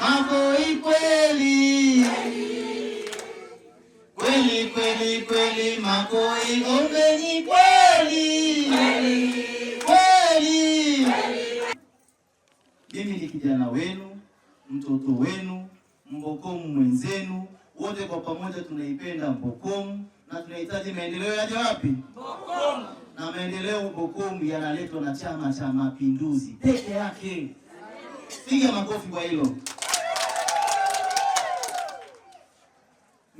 Amboi kweli kweli kweli kweli, Maboi ombeni kweli kweli. Mimi ni kijana wenu, mtoto wenu, Mbokomu mwenzenu, wote kwa pamoja tunaipenda Mbokomu na tunahitaji maendeleo yaje wapi? Mbokomu. Na maendeleo Mbokomu yanaletwa na Chama cha Mapinduzi peke yake. Piga makofi kwa hilo.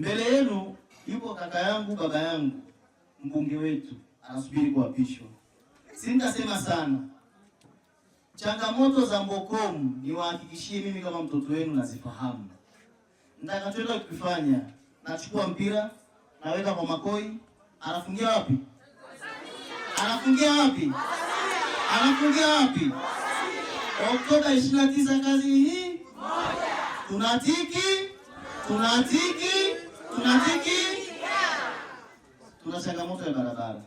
Mbele yenu yupo kaka yangu, baba yangu, mbunge wetu anasubiri kuapishwa. Sintasema sana. Changamoto za Mbokomu niwahakikishie, mimi kama mtoto wenu nazifahamu. Nitakachoenda kukifanya, nachukua mpira naweka kwa Makoi, anafungia wapi? Anafungia wapi? Anafungia wapi? Oktoba 29 kazi hii moja. Tunatiki, tunatiki Tuna tuna changamoto ya barabara.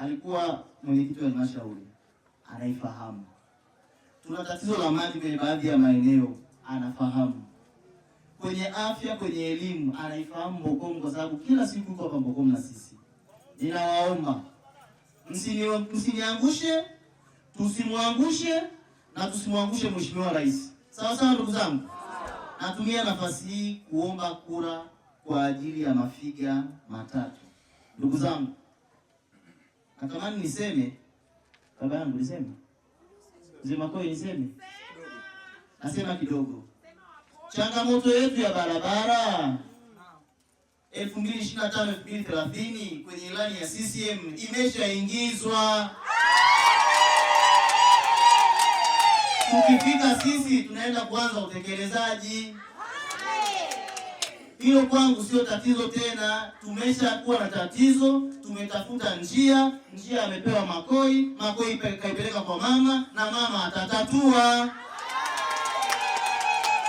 Alikuwa mwenyekiti wa halmashauri anaifahamu. Tuna tatizo la maji kwenye baadhi ya maeneo, anafahamu. Kwenye afya, kwenye elimu, anaifahamu mbokomu kwa sababu kila siku uko hapa na sisi. Ninawaomba msiniangushe, tusimwangushe na tusimwangushe mheshimiwa rais. Sawa sawa, ndugu zangu. Natumia nafasi hii kuomba kura kwa ajili ya mafiga matatu. Ndugu zangu, natamani niseme, baba yangu niseme, Mzimakoi niseme, nasema kidogo. Changamoto yetu ya barabara 2025 2030 kwenye ilani ya CCM imeshaingizwa. Tukifika sisi tunaenda kuanza utekelezaji. Hilo kwangu sio tatizo tena, tumesha kuwa na tatizo, tumetafuta njia, njia amepewa Makoi, Makoi kaipeleka kwa mama na mama atatatua.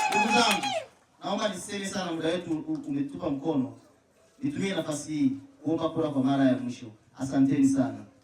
Ndugu zangu, naomba niseme sana, muda wetu umetupa mkono, nitumie nafasi hii kuomba kura kwa mara ya mwisho. Asanteni sana.